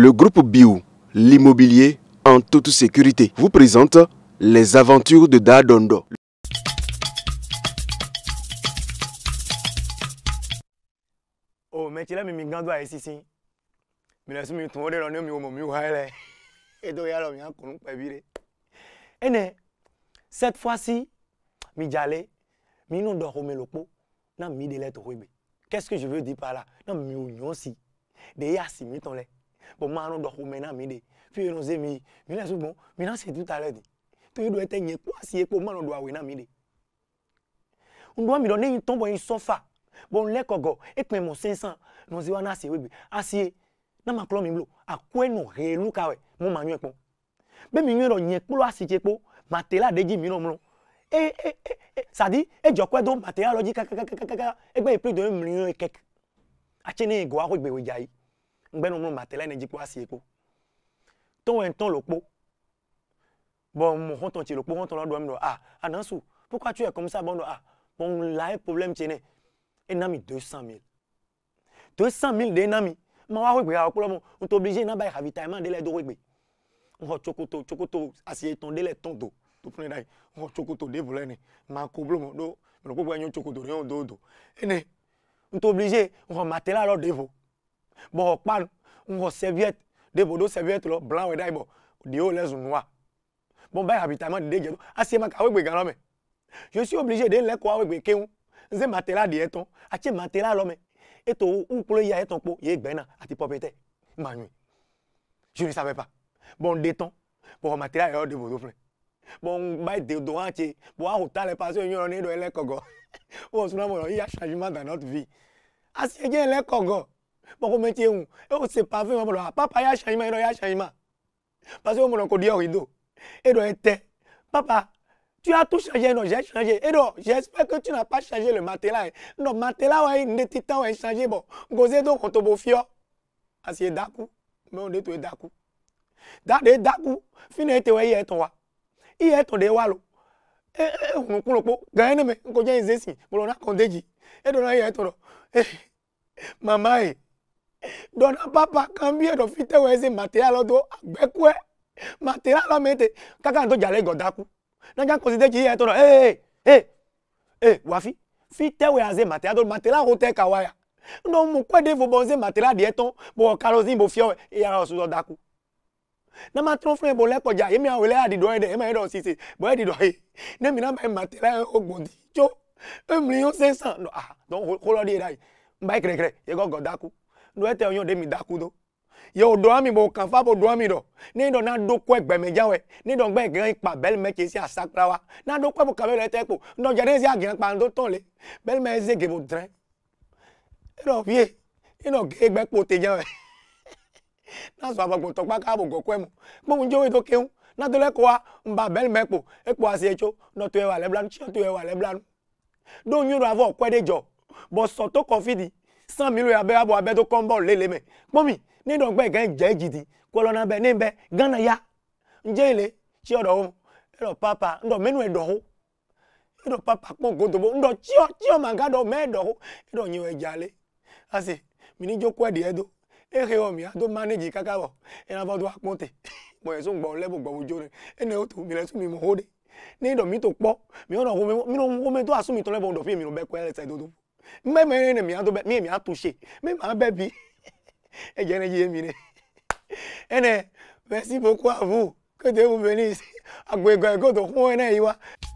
Le groupe Bio l'immobilier en toute sécurité, vous présente les aventures de Dadondo. Oh, mais tu l'as mis en ici. Mais hein, là, si tu tombes dans le mur, tu vas Et donc, il y a un peu de ne, cette fois-ci, mi jale mi nu dɔ xɔme lokpo na mi de lɛ to qu'est-ce que je veux dire par là Non mi o si de ya si mi tɔn bon ma no do ho me na mi de fi no se mi mi na sugbon mi na se tuta re ni to yi do ete yen po asi epo ma no do awe na mi de ndo mi do ne ton bo yin sofa bon le kogo e pin mo 500 no se wa na se webe asi na ma klo mi blo akwe no he lu ka we mo ma nyun epo be mi nyun ro yen po asi je po ma te la deji mi no mo e e e sadi e jokwe do material logic kaka kaka kaka e gbe ipe do mi rin kek achene go akogbe we jayi ben mu matela ne jikpo si eko ton en ton lokpo bon mo hon ton ti lokpo hon ton lo ah, ah, do mno ah anansu pourquoi tu es comme ça bon ah bon là un problème tiene et nami 200000 000 200 000 de nami ma wa wegbe akolo mo on obligé na bay ravitaillement de le do wegbe on chokoto chokoto asie ton de les ton do to fun dai on chokoto de ne ma ko mo do mo ko gbo en chokoto re on do do ene on obligé on matela lo devo bɔ kpan ŋgɔ serviette de bo do serviette lɔ blanc wɛ da yi bɔ de o lɛ zu noa bon ba yi ma de de dze do asi ma ka awegbe gan lɔ mɛ je suis obligé de lɛ kɔ awegbe keŋ nze matela deɛ tɔn atsi matela lɔ mɛ eto nkplo ya etɔn kpo ye gbɛna ati pɔpɛtɛ ma nyui je ne savais pas bon de tɔn bon matela yɛ de bo do filɛ bon ba yi de do hã tse bon aho ta lɛ parce que nyɔrɔ ne do lɛ kɔgɔ o sunamɔ yɔ iya changement dans notre vie asi dze lɛ kɔgɔ moko meti ehun e o se parfum wa bolo ah, papa ya shine ma e do ya shine ma parce que o mo ko dia rido e do ete papa tu as tout changé non j'ai changé et donc j'espère que tu n'as pas changé le matelas non matelas ouais ne titan ouais changé bon gozé donc on tobo fio asie daku mais on est tout daku dade daku fini ete ouais hier ton wa hier ton e, e, e, de wa lo eh eh on kun lo po gagne me ko je nzesi bo na kondeji e do na hier ton lo mama eh dɔnna papa kan bia dɔ fitɛ wɛ se materia lɔ to agbɛkuɛ materia lɔ mɛ te kaka to jalɛ gɔdaku n'adza kɔsi tɛ tsi yɛ tɔnɔ ee ee ee wafi fitɛ wɛ aze materia tɔ materia ho tɛ kawa ya nɔ mu kɔ de fo bɔn se materia deɛ tɔn bɔn kalo zi bo fiɔ eya lɔ sɔsɔ daku na ma trɔn fún ɛ bɔ lɛkɔdza emi awo lɛ adi dɔ yɛ dɛ ema yɛ dɔ sise bɔn edi dɔ mi na ma materia yɛ o gbɔndi tso emli yɔ sɛnsɛn nɔ ah dɔn kolɔ di yɛ da yi n ba yi kɛrɛkɛrɛ noete onyo de mi dakudo ye odoami bo kan fa bo doami do ni do na do ko egbe me jawe ni do gbe gan pa bel me ke si asakra wa na do ko bo kan le te po no jade si agan pa do ton le bel me ze ge bo dren ro e vie ni e no ge gbe po te jawe na so abagbo to pa ka bo go ko emu mo mu jo we to keun na to le ko mba bel me po e po ase echo no to e wa le blanu chi e wa le do nyuro avo ko de jo bo so to san mi lo ya be abo abe to combo lele me pomi ni don gbe kan je jidi ko lo na be ni be gana ya nje ile ti odo o ero papa ndo menu edo ho ero papa po godo bo ndo ti o ti o manga do me edo ho ero yin e jale ase mi ni joko edi edo ehe o mi a do manage kaka bo era bo do aponte e mo yẹn tún gbọ lẹ́bù gbọ ojú rẹ ẹnì ó tó mìíràn tún mi mọ̀ ó dé ní ìdọ̀ mi tó pọ̀ mi ò rọ̀ mi ò rọ̀ mi tó àsùnmìtàn lẹ́bù ọ̀dọ̀ fún mi ò bẹ́ẹ̀ kọ́ ẹ̀rẹ́sẹ̀ tó tó mmɛmɛrin ne mia to bɛ mie mia to se mi maa bɛ bi ɛjɛ ne yie mi ne ɛnɛ merci beaucoup à vous que Dieu vous bénisse agbo ego ego to fún ẹ náà yìí